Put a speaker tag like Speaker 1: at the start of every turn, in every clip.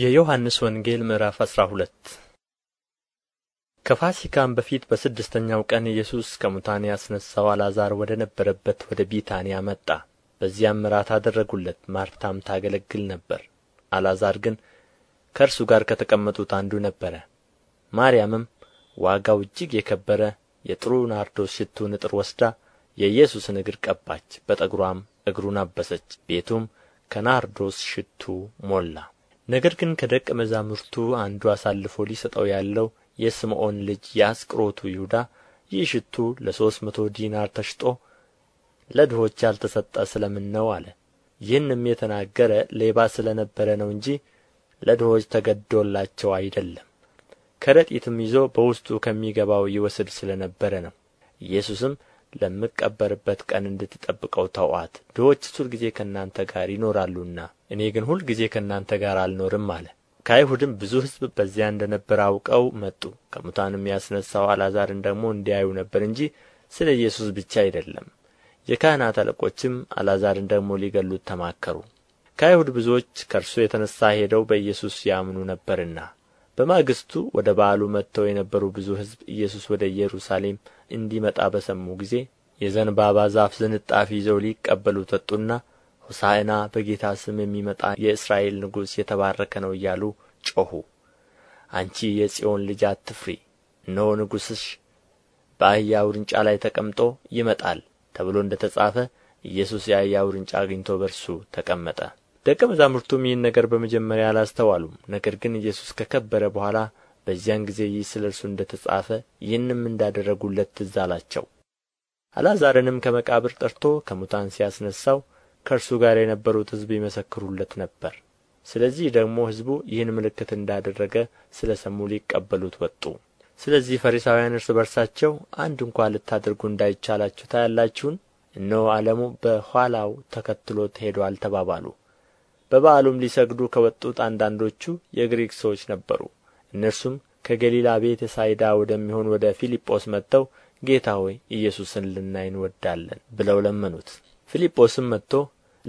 Speaker 1: የዮሐንስ ወንጌል ምዕራፍ 12 ከፋሲካም በፊት በስድስተኛው ቀን ኢየሱስ ከሙታን ያስነሳው አልዓዛር ወደ ነበረበት ወደ ቢታንያ መጣ። በዚያም እራት አደረጉለት። ማርታም ታገለግል ነበር፣ አልዓዛር ግን ከእርሱ ጋር ከተቀመጡት አንዱ ነበረ። ማርያምም ዋጋው እጅግ የከበረ የጥሩ ናርዶስ ሽቱ ንጥር ወስዳ የኢየሱስን እግር ቀባች፣ በጠጉሯም እግሩን አበሰች። ቤቱም ከናርዶስ ሽቱ ሞላ። ነገር ግን ከደቀ መዛሙርቱ አንዱ አሳልፎ ሊሰጠው ያለው የስምዖን ልጅ የአስቆሮቱ ይሁዳ ይህ ሽቱ ለሦስት መቶ ዲናር ተሽጦ ለድሆች ያልተሰጠ ስለምን ነው አለ። ይህንም የተናገረ ሌባ ስለ ነበረ ነው እንጂ ለድሆች ተገዶላቸው አይደለም። ከረጢትም ይዞ በውስጡ ከሚገባው ይወስድ ስለ ነበረ ነው። ኢየሱስም ለምቀበርበት ቀን እንድትጠብቀው ተዋት፣ ድሆችስ ጊዜ ከእናንተ ጋር ይኖራሉና እኔ ግን ሁልጊዜ ከእናንተ ጋር አልኖርም አለ። ከአይሁድም ብዙ ሕዝብ በዚያ እንደ ነበር አውቀው መጡ። ከሙታንም ያስነሣው አልዓዛርን ደግሞ እንዲያዩ ነበር እንጂ ስለ ኢየሱስ ብቻ አይደለም። የካህናት አለቆችም አልዓዛርን ደግሞ ሊገሉት ተማከሩ። ከአይሁድ ብዙዎች ከእርሱ የተነሣ ሄደው በኢየሱስ ያምኑ ነበርና። በማግስቱ ወደ በዓሉ መጥተው የነበሩ ብዙ ሕዝብ ኢየሱስ ወደ ኢየሩሳሌም እንዲመጣ በሰሙ ጊዜ የዘንባባ ዛፍ ዝንጣፊ ይዘው ሊቀበሉት ወጡና ሆሳዕና በጌታ ስም የሚመጣ የእስራኤል ንጉሥ የተባረከ ነው እያሉ ጮኹ አንቺ የጽዮን ልጅ አትፍሪ እነሆ ንጉሥሽ በአህያ ውርንጫ ላይ ተቀምጦ ይመጣል ተብሎ እንደ ተጻፈ ኢየሱስ የአህያ ውርንጫ አግኝቶ በእርሱ ተቀመጠ ደቀ መዛሙርቱም ይህን ነገር በመጀመሪያ አላስተዋሉም ነገር ግን ኢየሱስ ከከበረ በኋላ በዚያን ጊዜ ይህ ስለ እርሱ እንደ ተጻፈ ይህንም እንዳደረጉለት ትዝ አላቸው አልዓዛርንም ከመቃብር ጠርቶ ከሙታን ሲያስነሣው ከእርሱ ጋር የነበሩት ሕዝብ ይመሰክሩለት ነበር ስለዚህ ደግሞ ሕዝቡ ይህን ምልክት እንዳደረገ ስለ ሰሙ ሊቀበሉት ወጡ ስለዚህ ፈሪሳውያን እርስ በርሳቸው አንድ እንኳ ልታደርጉ እንዳይቻላችሁ ታያላችሁን እነሆ ዓለሙ በኋላው ተከትሎት ሄዶአል ተባባሉ በበዓሉም ሊሰግዱ ከወጡት አንዳንዶቹ የግሪክ ሰዎች ነበሩ እነርሱም ከገሊላ ቤተ ሳይዳ ወደሚሆን ወደ ፊልጶስ መጥተው ጌታ ሆይ ኢየሱስን ልናይ እንወዳለን ብለው ለመኑት ፊልጶስም መጥቶ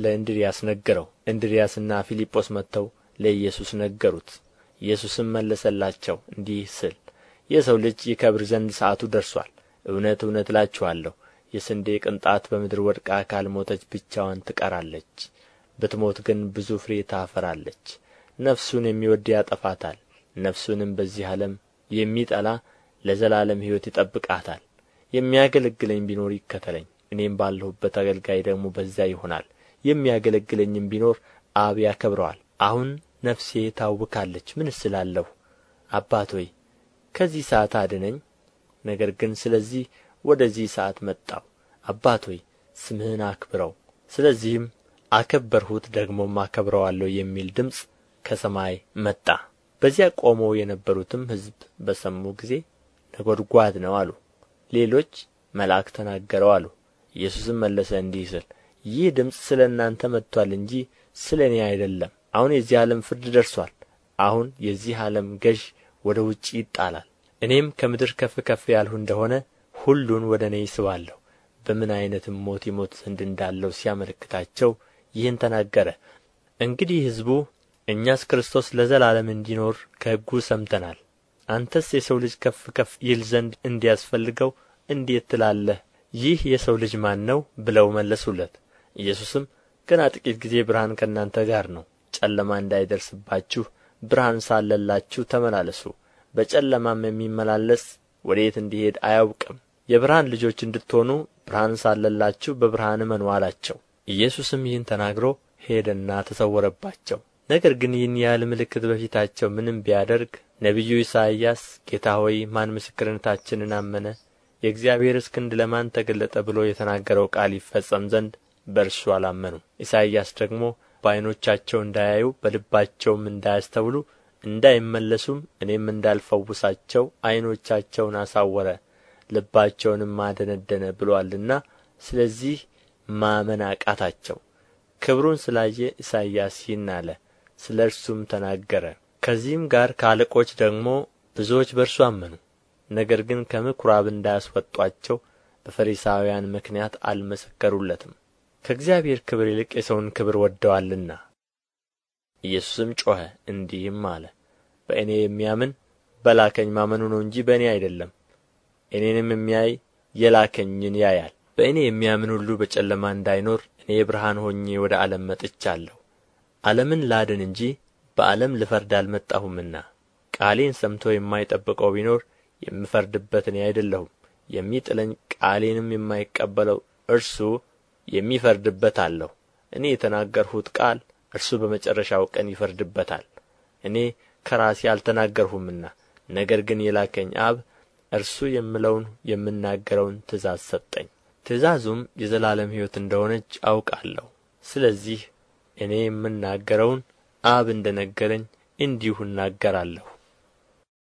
Speaker 1: ለእንድርያስ ነገረው እንድርያስና ፊልጶስ መጥተው ለኢየሱስ ነገሩት ኢየሱስም መለሰላቸው እንዲህ ሲል የሰው ልጅ ይከብር ዘንድ ሰዓቱ ደርሷል እውነት እውነት እላችኋለሁ የስንዴ ቅንጣት በምድር ወድቃ ካልሞተች ብቻዋን ትቀራለች ብትሞት ግን ብዙ ፍሬ ታፈራለች ነፍሱን የሚወድ ያጠፋታል ነፍሱንም በዚህ ዓለም የሚጠላ ለዘላለም ሕይወት ይጠብቃታል የሚያገለግለኝ ቢኖር ይከተለኝ እኔም ባለሁበት አገልጋይ ደግሞ በዚያ ይሆናል የሚያገለግለኝም ቢኖር አብ ያከብረዋል አሁን ነፍሴ ታውካለች ምን እላለሁ አባት ሆይ ከዚህ ሰዓት አድነኝ ነገር ግን ስለዚህ ወደዚህ ሰዓት መጣሁ አባት ሆይ ስምህን አክብረው ስለዚህም አከበርሁት ደግሞም አከብረዋለሁ የሚል ድምፅ ከሰማይ መጣ በዚያ ቆመው የነበሩትም ሕዝብ በሰሙ ጊዜ ነጎድጓድ ነው አሉ ሌሎች መልአክ ተናገረው አሉ ኢየሱስም መለሰ እንዲህ ሲል ይህ ድምፅ ስለ እናንተ መጥቶአል እንጂ ስለ እኔ አይደለም አሁን የዚህ ዓለም ፍርድ ደርሷል አሁን የዚህ ዓለም ገዥ ወደ ውጭ ይጣላል እኔም ከምድር ከፍ ከፍ ያልሁ እንደሆነ ሁሉን ወደ እኔ ይስባለሁ። በምን ዓይነትም ሞት ይሞት ዘንድ እንዳለው ሲያመለክታቸው ይህን ተናገረ እንግዲህ ሕዝቡ እኛስ ክርስቶስ ለዘላለም እንዲኖር ከሕጉ ሰምተናል አንተስ የሰው ልጅ ከፍ ከፍ ይል ዘንድ እንዲያስፈልገው እንዴት ትላለህ ይህ የሰው ልጅ ማን ነው ብለው መለሱለት ኢየሱስም ገና ጥቂት ጊዜ ብርሃን ከእናንተ ጋር ነው ጨለማ እንዳይደርስባችሁ ብርሃን ሳለላችሁ ተመላለሱ በጨለማም የሚመላለስ ወዴት እንዲሄድ አያውቅም የብርሃን ልጆች እንድትሆኑ ብርሃን ሳለላችሁ በብርሃን እመኑ አላቸው ኢየሱስም ይህን ተናግሮ ሄደና ተሰወረባቸው ነገር ግን ይህን ያህል ምልክት በፊታቸው ምንም ቢያደርግ ነቢዩ ኢሳይያስ ጌታ ሆይ ማን ምስክርነታችንን አመነ የእግዚአብሔርስ ክንድ ለማን ተገለጠ ብሎ የተናገረው ቃል ይፈጸም ዘንድ በእርሱ አላመኑ ኢሳይያስ ደግሞ በዓይኖቻቸው እንዳያዩ በልባቸውም እንዳያስተውሉ እንዳይመለሱም እኔም እንዳልፈውሳቸው ዓይኖቻቸውን አሳወረ ልባቸውንም አደነደነ ብሎአልና ስለዚህ ማመን አቃታቸው። ክብሩን ስላየ ኢሳይያስ ይህን አለ፣ ስለ እርሱም ተናገረ። ከዚህም ጋር ከአለቆች ደግሞ ብዙዎች በእርሱ አመኑ። ነገር ግን ከምኵራብ እንዳያስወጧቸው በፈሪሳውያን ምክንያት አልመሰከሩለትም። ከእግዚአብሔር ክብር ይልቅ የሰውን ክብር ወደዋልና። ኢየሱስም ጮኸ እንዲህም አለ፣ በእኔ የሚያምን በላከኝ ማመኑ ነው እንጂ በእኔ አይደለም። እኔንም የሚያይ የላከኝን ያያል። በእኔ የሚያምን ሁሉ በጨለማ እንዳይኖር እኔ ብርሃን ሆኜ ወደ ዓለም መጥቻለሁ። ዓለምን ላድን እንጂ በዓለም ልፈርድ አልመጣሁምና። ቃሌን ሰምቶ የማይጠብቀው ቢኖር የምፈርድበት እኔ አይደለሁም። የሚጥለኝ ቃሌንም የማይቀበለው እርሱ የሚፈርድበት አለሁ እኔ የተናገርሁት ቃል እርሱ በመጨረሻው ቀን ይፈርድበታል እኔ ከራሴ አልተናገርሁምና ነገር ግን የላከኝ አብ እርሱ የምለውን የምናገረውን ትእዛዝ ሰጠኝ ትእዛዙም የዘላለም ሕይወት እንደሆነች አውቃለሁ ስለዚህ እኔ የምናገረውን አብ እንደ ነገረኝ እንዲሁ እናገራለሁ